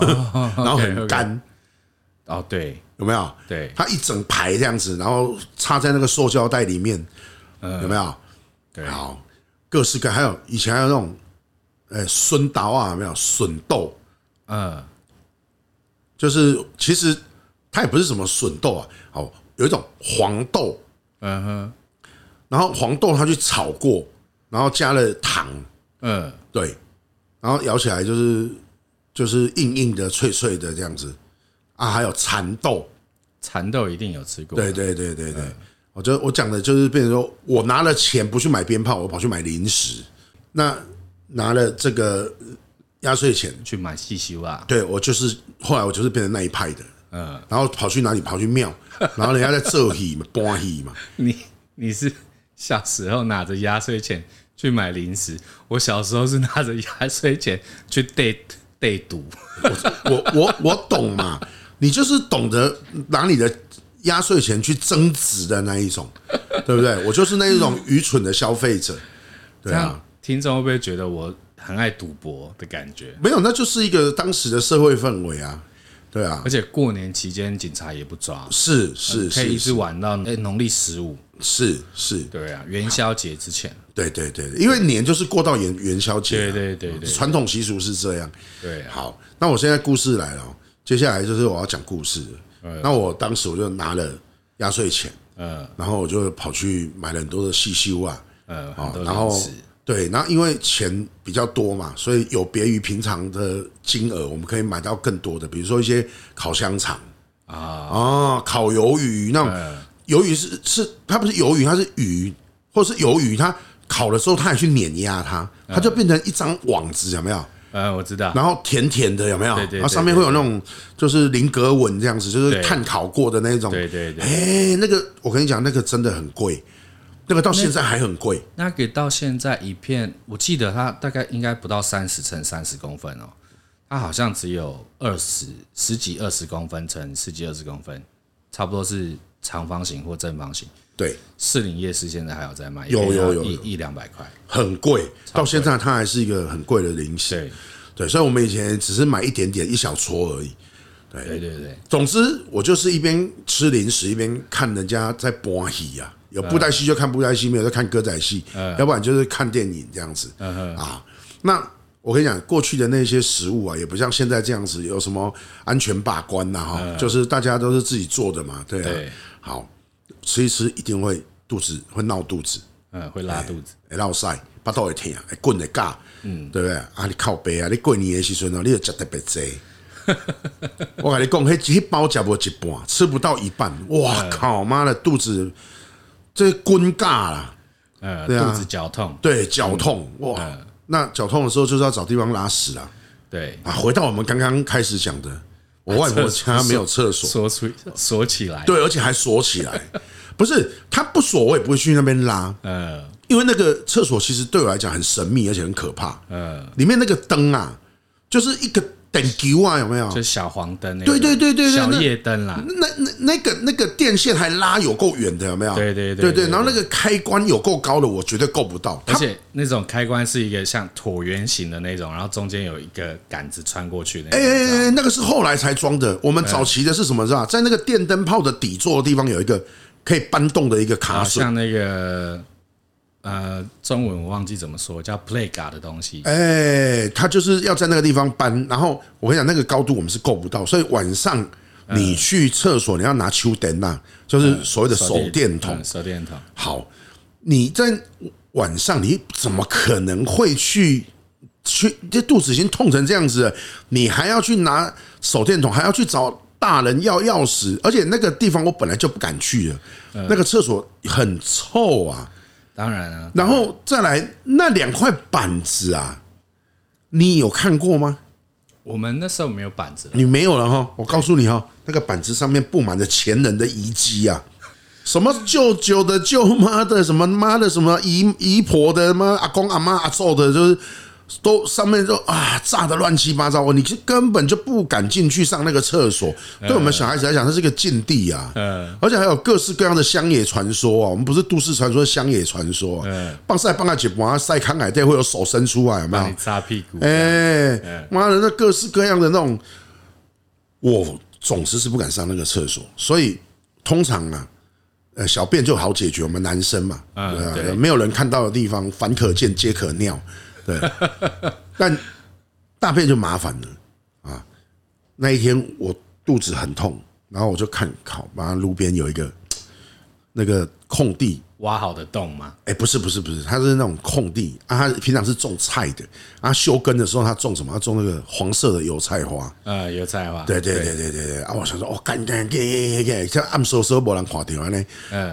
然後很乾。哦，對，有沒有？對，它一整排這樣子，然後插在那個塑膠袋裡面，有沒有？對，好。.各式各，還有以前還有那種，哎、欸，筍刀啊有沒有？筍豆，嗯、呃，就是其實它也不是什麼筍豆啊，哦，有一種黃豆，嗯哼，然後黃豆它去炒過，然後加了糖，嗯、呃，對，然後咬起來就是就是硬硬的、脆脆的這樣子啊，還有蠶豆，蠶豆一定有吃過，對對對對對，對、呃。我覺得我講的就是變成說我拿了錢不去買鞭炮，我跑去買零食。那拿了這個壓歲錢去買氣球啊？對，我就是後來我就是變成那一派的。嗯，然後跑去哪裡？跑去廟，然後人家在做戲嘛，扮戲嘛。你你是小時候拿着壓歲錢去買零食，我小時候是拿着壓歲錢去兌兌賭。我我我懂嘛？你就是懂得哪裡的。壓歲錢去增值的那一種， 對不對？我就是那一種愚蠢的消費者，對啊。聽眾會不會覺得我很愛賭博的感覺？沒有，那就是一個當時的社會氛圍啊，對啊。而且過年期間警察也不抓，啊是，是是，可以一直玩到農曆十五是，是是，對啊，元宵節之前，對對對，因為年就是過到元元宵節，啊，對對，對，傳統習俗是這樣。對，對，好，那我現在故事來了，哦，接下來就是我要講故事。那我當時我就拿了壓歲錢，嗯，然後我就跑去買了很多的細修啊，嗯，啊，然後對，然後因為錢比較多嘛，所以有別於平常的金額，我們可以買到更多的，比如說一些烤香腸啊，烤魷魚。那魷魚是是，它不是魷魚，它是魚或是魷魚，它烤的時候它也去碾壓它，它就變成一張網子，有沒有？嗯，我知道。然後甜甜的有沒有？對對對，對對，然後上面會有那種，就是菱格紋這樣子，就是碳烤過的那種。對對對。哎，那個我跟你講，那個真的很貴，那個到現在還很貴。那個到現在一片，我記得它大概應該不到三十乘三十公分哦，喔，它好像只有二十十幾二十公分乘十幾二十公分，差不多是長方形或正方形。對，士林夜市現在還有在賣，有有有，一兩百塊，很貴。到現在，它還是一個很貴的零食。對，對，所以我們以前只是買一點點、一小撮而已。對對對。總之，我就是一邊吃零食，一邊看人家在播戲啊。有布袋戲就看布袋戲，沒有就看歌仔戲，要不然就是看電影這樣子啊。那我跟你講，過去的那些食物啊，也不像現在這樣子有什麼安全把關吶，哈，就是大家都是自己做的嘛，對啊，好。吃一吃一定會肚子會鬧肚子，嗯，會拉肚子，會落屎，腹肚會痛，會滾的絞，嗯，對吧，對不對？啊，你靠北啊，你過年的時候呢，你就吃得特別多。我跟你講，那一那一包吃不一半，吃不到一半，哇靠媽的肚子這滾絞啦，呃，肚子絞、呃、啊、痛，對，絞痛、嗯，哇，呃、那絞痛的時候就是要找地方拉屎了，對啊，回到我們剛剛開始講的。我外婆家沒有廁所，鎖鎖起來，對，而且還鎖起來。不是，他不鎖，我也不會去那邊拉。嗯，因為那個廁所其實對我來講很神秘，而且很可怕。嗯，裡面那個燈啊，就是一個。燈油啊，有沒有？就是小黃燈，對對對對，小夜燈啦。那那個那個那個電線還拉有夠遠的，有沒有？對對對對對,對。然後那個開關有夠高的，我絕對夠不到。而且那種開關是一個像橢圓形的那種，然後中間有一個杆子穿過去的。哎，那個是後來才裝的。我們早期的是什麼？是吧？在那個電燈泡的底座的地方有一個可以搬動的一個卡鎖，像那個。呃，中文我忘記怎麼說，叫 play d 的東西。哎，他就是要在那個地方搬，然後我跟你講，那個高度我們是夠不到，所以晚上你去廁所你要拿手電啊，就是所謂的手電筒。手電筒。好，你在晚上，你怎麼可能會去去？這肚子已經痛成這樣子了，你還要去拿手電筒，還要去找大人要鑰匙，而且那個地方我本來就不敢去了，那個廁所很臭啊。當然了、啊，然後再來那兩塊板子啊，你有看過嗎？我們那時候沒有板子，你沒有了哈。我告訴你哈，那個板子上面布滿了前人的遺跡啊，什麼舅舅的、舅媽的、什麼媽的、什麼姨姨婆的、什麼阿公阿嬤阿壽的，就是。都上面都啊炸得亂七八糟，你根本就不敢進去上那個廁所。對我們小孩子來講，它是一個禁地啊。而且還有各式各樣的鄉野傳說啊。我們不是都市傳說，鄉野傳說。嗯，放晒半去幫他曬康海帶，會有手伸出來，有沒有？擦屁股。哎，媽的，那各式各樣的那種，我總之是不敢上那個廁所。所以通常啊，呃，小便就好解決。我們男生嘛，啊、沒有人看到的地方，凡可見皆可尿。對，但大便就麻煩了啊！那一天我肚子很痛，然後我就看，靠，馬路邊有一個那個空地挖好的洞嗎？哎，不是，不是，不是，它是那種空地。啊，它平常是種菜的，啊，休耕的時候它種什麼？它種那個黃色的油菜花。啊，油菜花。對對對對對對。啊，我想說，哦幹幹幹幹幹，像按說說波蘭垮掉完嘞，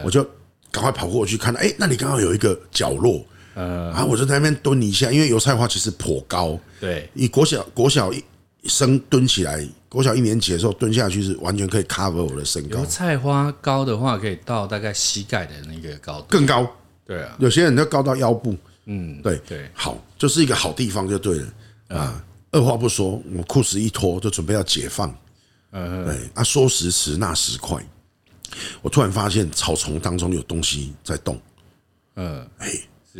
我就趕快跑過去看到，哎，那裡剛好有一個角落。呃、啊，我就在那邊蹲一下，因為油菜花其實頗高，對，以國小國小一生蹲起來，國小一年級的時候蹲下去是完全可以 cover 我的身高。油菜花高的話，可以到大概膝蓋的那個高度，更高，對啊，有些人要高到腰部，嗯，對對，好，就是一個好地方就對了啊。二話不說，我褲子一脫就準備要解放，嗯，對，啊，說時遲那時快，我突然發現草叢當中有東西在動，嗯，哎。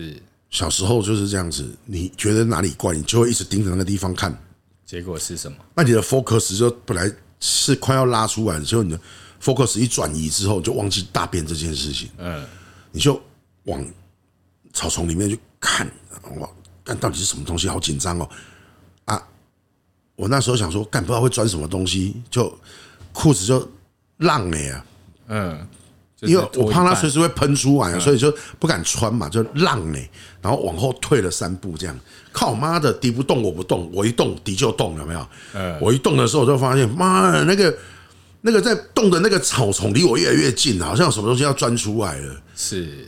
是小時候就是這樣子，你覺得哪裡怪，你就會一直盯着那個地方看。結果是什麼？那你的 focus 就本來是快要拉出來的時候，你的 focus 一轉移之後，就忘記大便這件事情。嗯，你就往草叢裡面去看，哇，看到底是什麼東西，好緊張哦。啊，我那時候想說，幹不知道會鑽什麼東西，就褲子就爛了呀。嗯。因為我怕它隨時會噴出來，嗯、所以就不敢穿嘛，就讓呢，然後往後退了三步，這樣。靠我媽的，敵不動我不動，我一動敵就動，有沒有？我一動的時候，我就發現媽的，那個那個在動的那個草叢離我越來越近，好像有什麼東西要鑽出來了。是，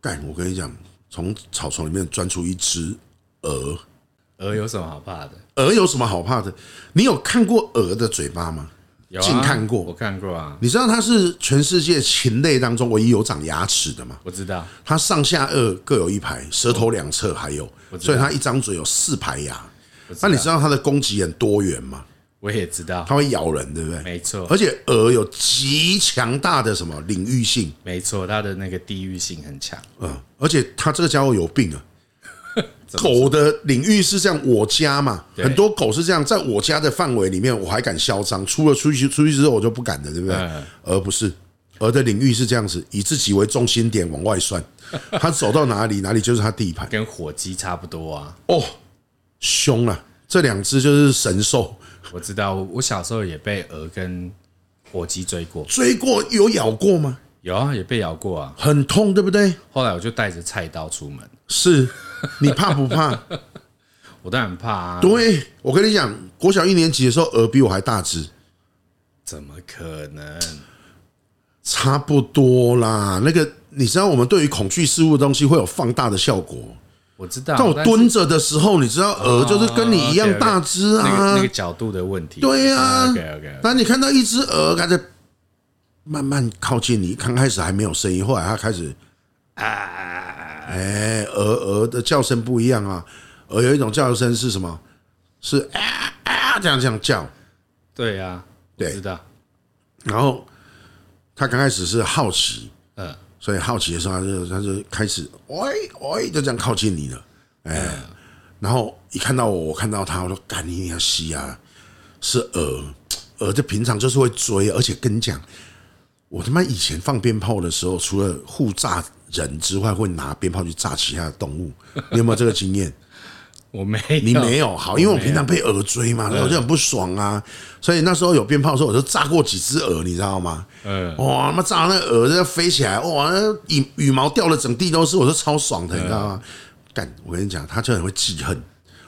幹！我跟你講，從草叢裡面鑽出一隻鵝，鵝有什麼好怕的、嗯？鵝有什麼好怕的？你有看過鵝的嘴巴嗎？有、啊，近看過，我看過啊。你知道它是全世界禽類當中唯一有長牙齒的嗎？我知道，它上下顎各有一排，舌頭兩側還有，所以它一張嘴有四排牙。那你知道它的攻擊眼多遠嗎？我也知道，它會咬人，對不對？沒錯，而且鵝有極強大的什麼領域性？沒錯，它的那個地域性很強。嗯，而且它這個傢伙有病啊。狗的領域是這樣，我家嘛，很多狗是這樣，在我家的範圍裡面，我還敢囂張，出了出去出去之後，我就不敢了，對不對？而不是鵝的領域是這樣子，以自己為中心點往外算，它走到哪裡，哪裡就是它地盤，跟火雞差不多啊。哦，兇啊！這兩隻就是神獸，我知道。我小時候也被鵝跟火雞追過，追過有咬過嗎？有啊，也被咬過啊，很痛，對不對？後來我就帶着菜刀出門，是。 你怕不怕？我當然怕啊對！對，我跟你講，國小一年級的時候，鵝比我還大只。怎麼可能？差不多啦。那個你知道，我們對於恐懼事物的東西會有放大的效果。我知道。但我蹲着的時候，你知道，鵝就是跟你一樣大只啊、哦 okay, okay, 啊那個。那個角度的問題。對啊，當、okay, okay, okay, okay, 你看到一隻鵝，還在慢慢靠近你，剛開始還沒有聲音，後來它開始。啊哎，鵝鵝的叫聲不一樣啊，鵝有一種叫聲是什麼？是啊，啊啊這樣這樣叫對對，啊，對呀，對，知道。然後他剛開始是好奇，嗯，所以好奇的時候，他就他就開始喂喂就這樣靠近你了。哎，然後一看到我，我看到他說：“幹，你你要吸啊，是鵝，鵝就平常就是會追，而且跟你講，我他媽以前放鞭炮的時候，除了互炸。”人之外會拿鞭炮去炸其他的動物，你有沒有這個經驗？ 我沒，你沒有，好，因為我平常被鵝追嘛，我然後就很不爽啊。所以那時候有鞭炮的時候，我就炸過幾隻鵝，你知道嗎？嗯、呃，哇，炸到那炸那鵝就飛起來，哇，羽羽毛掉了，整地都是，我就超爽的，你知道嗎？幹、呃、我跟你講，他就很會記恨，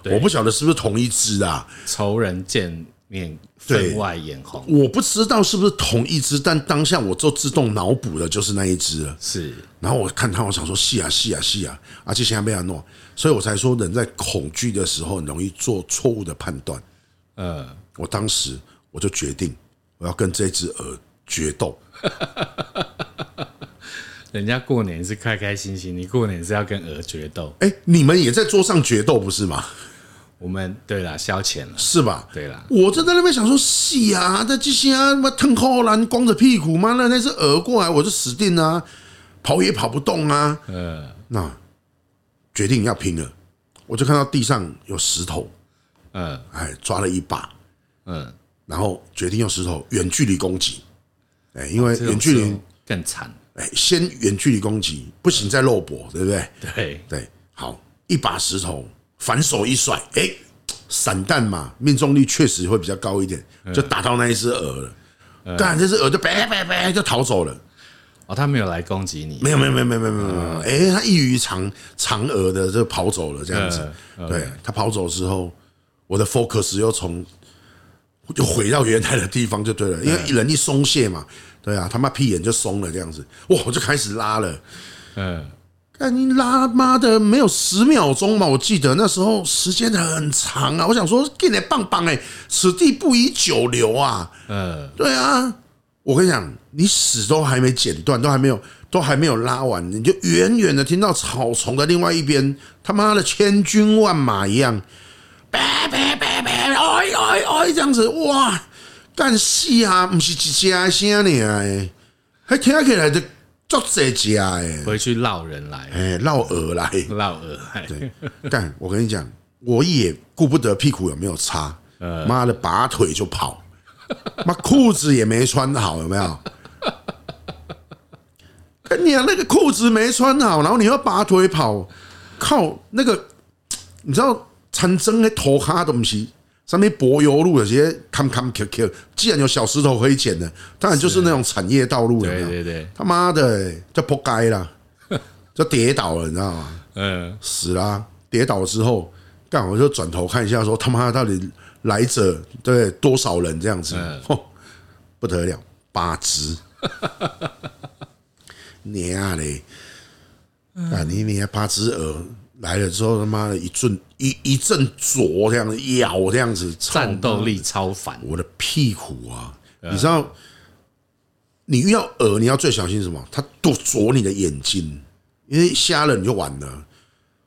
我不曉得是不是同一隻啊，仇人見面，分外眼紅，我不知道是不是同一隻，但當下我做自動腦補的就是那一隻。是，然後我看他，我想說，是啊是啊是啊，而且現在沒有弄，所以我才說，人在恐懼的時候容易做錯誤的判斷。呃，我當時我就決定，我要跟這隻鵝決鬥、呃。人家過年是開開心心，你過年是要跟鵝決鬥？哎，你們也在桌上決鬥，不是嗎？我們對了，消遣了，是吧？對了，我正在那邊想說，是啊！在這些他媽騰後了，光着屁股嘛，那那隻鵝過來，我就死定了啊，跑也跑不動啊！嗯，那決定要拼了，我就看到地上有石頭，嗯，哎，抓了一把，嗯，然後決定用石頭遠距離攻擊，哎，因為遠距離更慘，哎，先遠距離攻擊不行，再肉搏，對不對？對對，好，一把石頭。反手一甩，哎、欸，散彈嘛，命中率確實會比較高一點，嗯、就打到那一隻鵝了。幹、嗯，這隻鵝就、嗯、就逃走了。哦，他沒有來攻擊你、嗯？沒有，沒有，沒有，沒有，沒、嗯、有，沒有。哎，他異於長長鵝的，就跑走了這樣子。嗯、對，他跑走之後，我的 focus 又從又回到原來的地方就對了，嗯、因為人一鬆懈嘛，對啊，他媽屁眼就鬆了這樣子。哇，我就開始拉了，嗯。但你拉媽的沒有十秒鐘嘛？我記得那時候時間很長啊！我想說，給來棒棒哎，此地不宜久留啊！嗯，對啊，我跟你講，你屎都還沒剪斷，都還沒有，都還沒有拉完，你就遠遠的聽到草叢的另外一邊，他媽的千軍萬馬一樣，別別別別，哎哎哎，這樣子哇！但是啊，不是一啲啱聲嘅，聽起來就。就這家哎，回去撈人來，哎，撈鵝來，撈鵝來。對，但我跟你講，我也顧不得屁股有沒有擦，媽的，拔腿就跑，媽褲子也沒穿好，有沒有？跟你講，啊，那個褲子沒穿好，然後你要拔腿跑，靠，那個你知道，長征的頭哈東西。上面柏油路有些坎坎坷坷，既然有小石頭可以撿的，當然就是那種產業道路了。對對對，他媽的，就仆街了，就跌倒了，你知道嗎？嗯，死啦、啊！跌倒了之後，剛好就轉頭看一下，說他媽到底來者對,對多少人這樣子？嚯，不得了，八只，你啊嘞，啊你你、啊、還八只鵝。來了之後，他媽的一陣一一陣啄，這樣子咬，這樣子，戰鬥力超凡。我的屁股啊，你知道，你遇到鵝，你要最小心什麼？它啄啄你的眼睛，因為瞎了你就完了。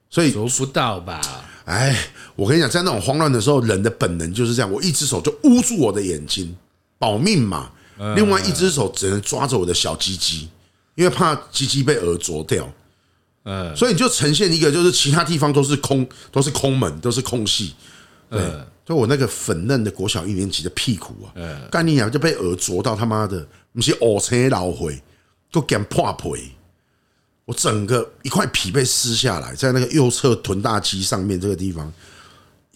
所以躲不到吧？哎，我跟你講，在那種慌亂的時候，人的本能就是這樣。我一隻手就捂住我的眼睛，保命嘛。另外一隻手只能抓着我的小雞雞，因為怕雞雞被鵝啄掉。嗯，所以你就呈現一個，就是其他地方都是空，都是空門，都是空隙、嗯。對，就我那個粉嫩的國小一年級的屁股啊、嗯，幹你娘就被鵝啄到他媽的，那是耳垂老會都給破皮，我整個一塊皮被撕下來，在那個右側臀大肌上面這個地方，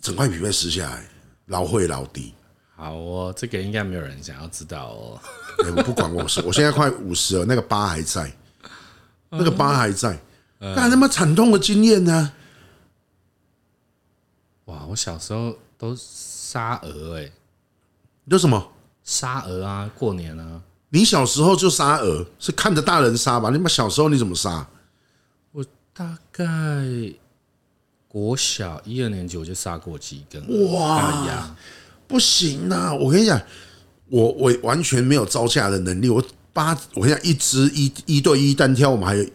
整塊皮被撕下來，老會老低。好哦，這個應該沒有人想要知道哦。我不管我， 我現在快五十了，那個疤還在，那個疤還在。那那麼慘痛的經驗呢？哇！我小時候都殺鵝哎，你說什麼殺鵝啊？過年啊？你小時候就殺鵝，是看着大人殺吧？你媽小時候你怎麼殺？我大概國小一二年級我就殺過幾根，哇呀，不行吶！我跟你講，我我完全沒有招架的能力。我八，我跟你講，一隻一一對一單挑，我們還有。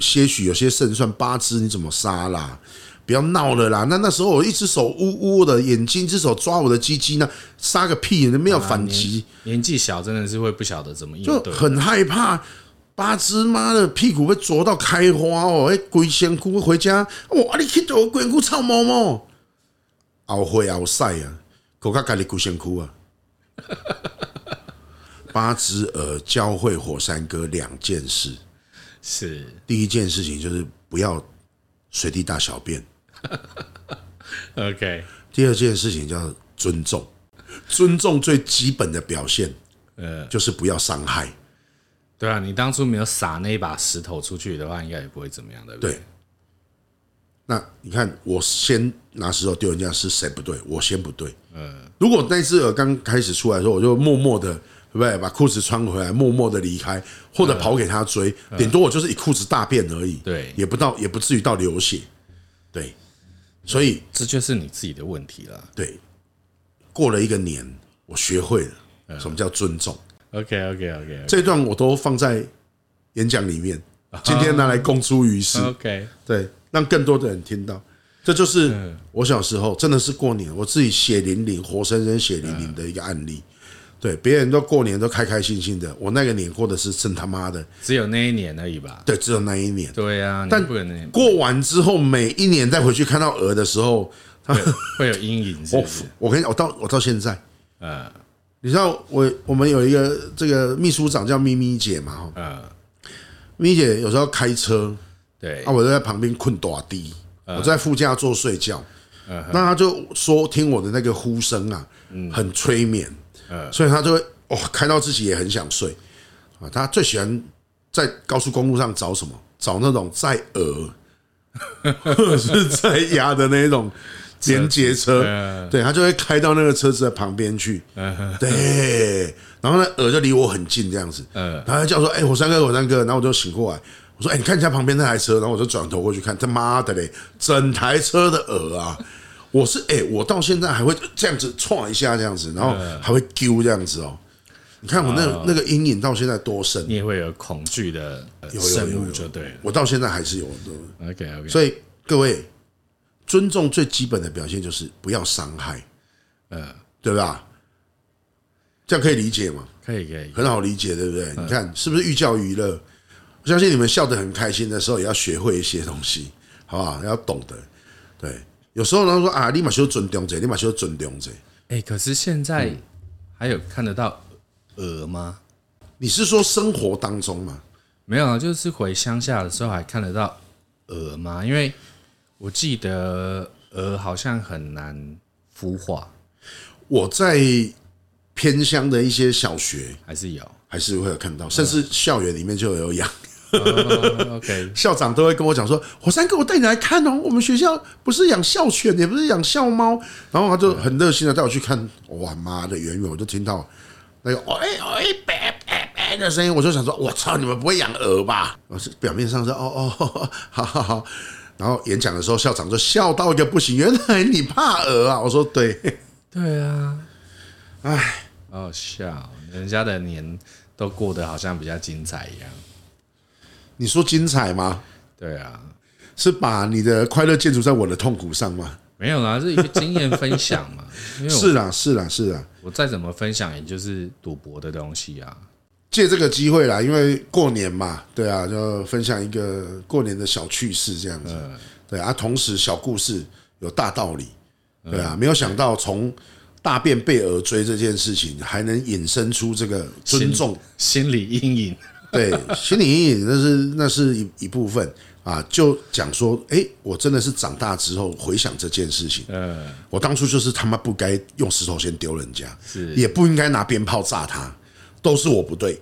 些許有些勝算，八只你怎麼殺啦？不要鬧了啦！那那時候我一只手嗚嗚的眼睛，一只手抓我的雞雞呢，殺個屁！你都沒有反擊，年紀小真的是會不曉得怎麼樣就很害怕。八只媽的屁股被啄到開花哦！哎，龜仙哭回家哦！阿裡去躲龜仙哭，臭毛毛，熬灰熬曬啊！我靠，家裡龜仙姑啊！八只鵝教會火山哥兩件事。是第一件事情，就是不要隨地大小便。 OK。第二件事情叫尊重，尊重最基本的表現，呃，就是不要傷害。嗯。對啊，你當初沒有撒那一把石頭出去的話，應該也不會怎麼樣的。對。那你看，我先拿石頭丟人家是誰不對？我先不對。嗯，如果那隻鵝剛開始出來的時候，我就默默的。對，把褲子穿回來，默默的離開，或者跑給他追，頂多我就是一褲子大便而已，對，也不到，也不至於到流血，對，所以這就是你自己的問題了。對，過了一個年，我學會了什麼叫尊重。OK，OK，OK，這段我都放在演講裡面，今天拿來公諸於世。OK，對，讓更多的人聽到，這就是我小時候真的是過年，我自己血淋淋、活生生血淋淋的一個案例。對，別人都過年都開開心心的，我那個年過的是真他媽的，只有那一年而已吧？對，只有那一年。對啊，但過完之後，每一年再回去看到鵝的時候，他、啊、會有陰影是不是？我我跟你講，我到我到現在，嗯、你知道我我們有一個這個秘書長叫咪咪姐嘛？嗯，咪咪姐有時候開車，對，啊、我就在旁邊睏打的，我在副駕座睡覺，嗯、那他就說聽我的那個呼聲啊，嗯，很催眠。所以他就會哦，開到自己也很想睡，他最喜歡在高速公路上找什麼？找那種載鵝或者是載鴨的那種聯結車。對，他就會開到那個車子的旁邊去。對，然後呢，鵝就離我很近這樣子。嗯，然後叫說：“哎，火山哥，火山哥。”然後我就醒過來，我說：“哎，你看一下旁邊那台車。”然後我就轉頭過去看，他媽的嘞，整台車的鵝啊！我是哎、欸，我到現在還會這樣子唰一下這樣子，然後還會丟這樣子哦。你看我那個啊、那個陰影到現在多深？你也會有恐懼的、呃，有有有，有，有，生物就對我到現在還是有很多。OK，, okay 所以各位尊重最基本的表現就是不要傷害，呃、啊，對吧？這樣可以理解嗎？可以可以，很好理解，對不對？啊、你看是不是寓教於樂？我相信你們笑得很開心的時候，也要學會一些東西，好不好？要懂得，對。有時候人說啊，立馬就要尊重者，立馬就要尊重者。哎，可是現在還有看得到鵝嗎？你是說生活當中嗎？沒有啊，就是回鄉下的時候還看得到鵝嗎？因為我記得鵝好像很難孵化。我在偏鄉的一些小學還是有、嗯，還是會有看到，甚至校園裡面就有養。 oh, okay. 校長都會跟我講說：“火山哥，我帶你來看哦，我們學校不是養校犬，也不是養校貓，然後他就很熱心的帶我去看哇，媽的遠遠，我就聽到那個哦哎哦哎叭叭叭的聲音，我就想說：我操，你們不會養鵝吧？我是表面上說哦哦呵呵呵好好好，然後演講的時候，校長就笑到一個不行，原來你怕鵝啊？我說對，對啊，唉，好笑，人家的年都過得好像比較精彩一樣。”你說精彩嗎？對啊，是把你的快樂建築在我的痛苦上嗎？沒有啦、啊，是一個經驗分享嘛。是啦，是啦、啊，是啦、啊啊。我再怎麼分享，也就是賭博的東西啊。借這個機會啦，因為過年嘛，對啊，就分享一個過年的小趣事這樣子。對啊，啊同時小故事有大道理。對啊，沒有想到從大便被鵝追這件事情，還能引申出這個尊重，心理陰影。 對，心理陰影那是那是一一部分啊。就講說，哎、欸，我真的是長大之後回想這件事情，嗯，我當初就是他媽不該用石頭先丟人家，是也不應該拿鞭炮炸他，都是我不對。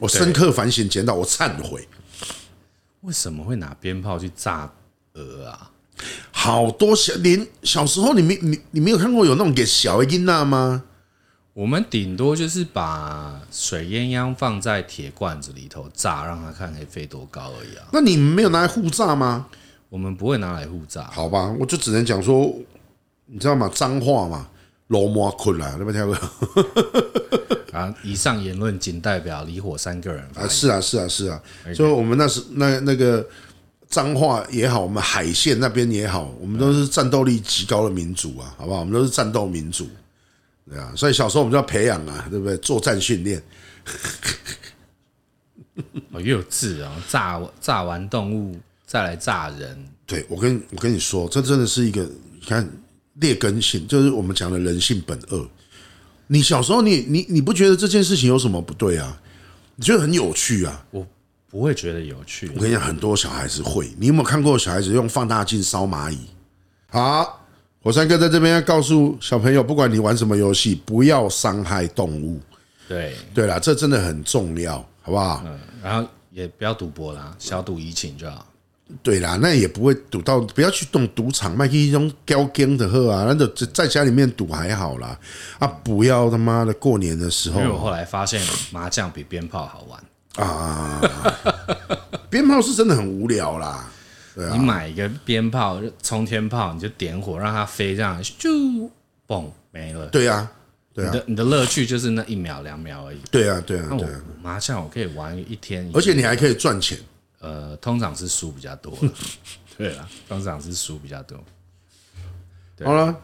我深刻反省到，檢討，我懺悔。為什麼會拿鞭炮去炸鵝啊？好多小，連小時候你沒你你，你沒有看過有那種給小一音娜嗎？我們頂多就是把水鴛鴦放在鐵罐子裡頭炸，讓它看可以飛多高而已啊！那你們沒有拿來互炸嗎？我們不會拿來互炸。好吧，我就只能講說，你知道嗎？彰化嘛，羅馬困了那邊跳個啊！以上言論僅代表李火山個人啊！是啊，是啊，是啊！啊、所以我們那是那那個彰化也好，我們海線那邊也好，我們都是戰鬥力極高的民族啊！好不好？我們都是戰鬥民族、啊。對啊，所以小時候我們就要培養啊，對不對？作戰訓練，又幼稚啊，炸炸完動物再來炸人 。對，我跟我跟你說，這真的是一個你看劣根性，就是我們講的人性本惡。你小時候你你你不覺得這件事情有什麼不對啊？你覺得很有趣啊？我不會覺得有趣。我跟你講，很多小孩子會。你有沒有看過小孩子用放大鏡燒螞蟻？好。我火山哥在這邊要告訴小朋友，不管你玩什麼遊戲，不要傷害動物。對、嗯、對啦，這真的很重要，好不好？嗯，然後也不要賭博啦，小賭怡情就好。對啦，那也不會賭到不要去動賭場，買一些 game 的喝啊，那就在家裡面賭還好啦。啊，不要他媽的過年的時候，因為我後來發現麻將比鞭炮好玩啊，鞭炮是真的很無聊啦。對啊，你買一個鞭炮、沖天炮，你就點火讓它飛，這樣就嘣沒了。對啊，對啊，你的你的樂趣就是那一秒兩秒而已。對啊，對啊。對啊，對啊，麻將我可以玩一天一夜，而且你還可以賺錢。呃，通常是輸比， 比較多。對啊，通常是輸比較多。好了，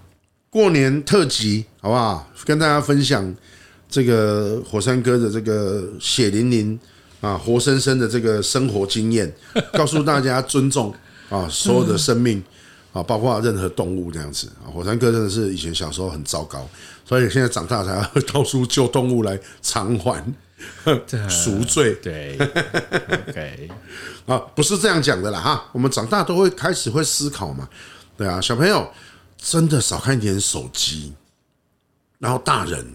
過年特輯好不好？跟大家分享這個火山哥的這個血淋淋。啊，活生生的這個生活經驗，告訴大家尊重啊，所有的生命啊，包括任何動物這樣子啊。火山哥真的是以前小時候很糟糕，所以現在長大才會到處救動物來償還贖罪。對，啊，不是這樣講的啦哈。我們長大都會開始會思考嘛，對啊。小朋友真的少看一點手機，然後大人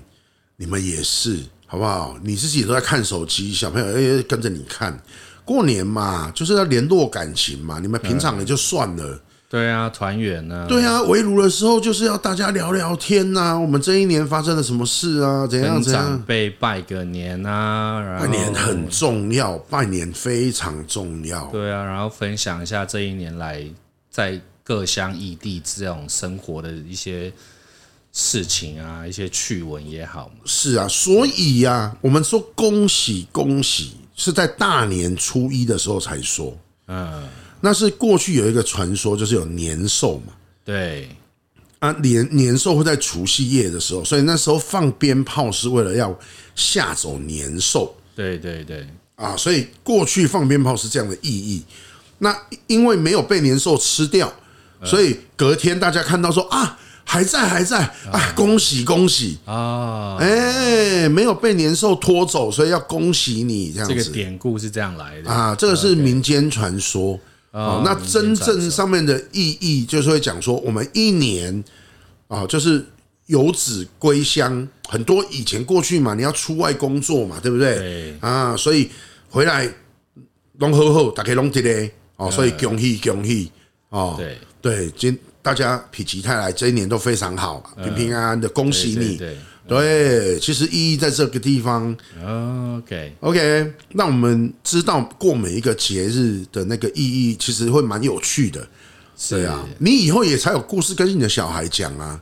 你們也是。好不好？你自己都在看手機，小朋友也跟着你看。過年嘛，就是要聯絡感情嘛。你們平常也就算了。對啊，團圓啊。對啊，圍爐的時候就是要大家聊聊天吶。我們這一年發生了什麼事啊？怎樣怎樣？跟長輩拜個年啊，拜年很重要，拜年非常重要。對啊，然後分享一下這一年來在各鄉異地這種生活的一些事情啊，一些趣聞也好嘛。是啊，所以呀，啊，我們說恭喜恭喜是在大年初一的時候才說，嗯，那是過去有一個傳說，就是有年獸嘛。對啊，年年獸會在除夕夜的時候，所以那時候放鞭炮是為了要嚇走年獸。對對對，啊，所以過去放鞭炮是這樣的意義。那因為沒有被年獸吃掉，所以隔天大家看到說啊。還在還在啊！恭喜恭喜啊！哎，沒有被年獸拖走，所以要恭喜你。這樣，這個典故是這樣來的啊。這個是民間傳說啊、哦。那真正上面的意義，就是會講說，我們一年啊，就是游子歸鄉，很多以前過去嘛，你要出外工作嘛，對不對？啊，所以回來，龍好好大家龍吉嘞哦，所以恭喜恭喜哦。對對，今。大家否極泰來，這一年都非常好，啊，平平安安的，恭喜你，嗯！對，對，嗯、其實意義在這個地方、嗯。OK，OK，okay okay, 那我們知道過每一個節日的那個意義，其實會蠻有趣的。對啊，你以後也才有故事跟你的小孩講啊。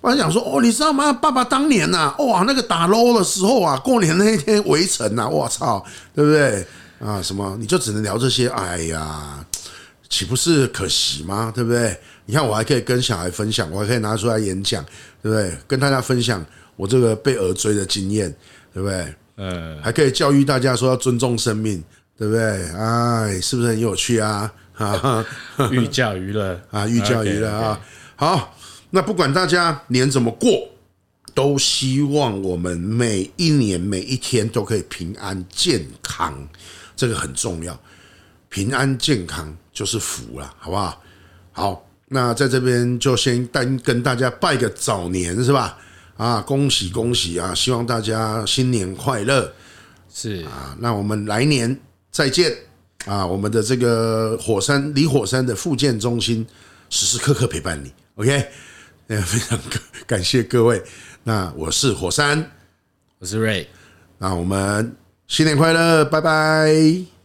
我還想說，哦，你知道嗎？爸爸當年吶，啊，哇，那個打撈的時候啊，過年那一天圍城啊，我操，對不對？啊，什麼？你就只能聊這些？哎呀，豈不是可惜嗎？對不對？你看，我還可以跟小孩分享，我還可以拿出來演講，對不對？跟大家分享我這個被兒追的經驗，對不對？嗯，還可以教育大家說要尊重生命，對不對？哎，是不是很有趣啊？哈哈，寓教於樂啊，寓教於樂啊。好，那不管大家年怎麼過，都希望我們每一年每一天都可以平安健康，這個很重要。平安健康就是福了，好不好？好。那在這邊就先跟跟大家拜個早年是吧？啊，恭喜恭喜啊！希望大家新年快樂，是啊。那我們來年再見啊！我們的這個火山李火山的腹賤中心時時刻刻陪伴你。OK，那非常感謝各位。那我是火山，我是 Ray。那我們新年快樂，拜拜。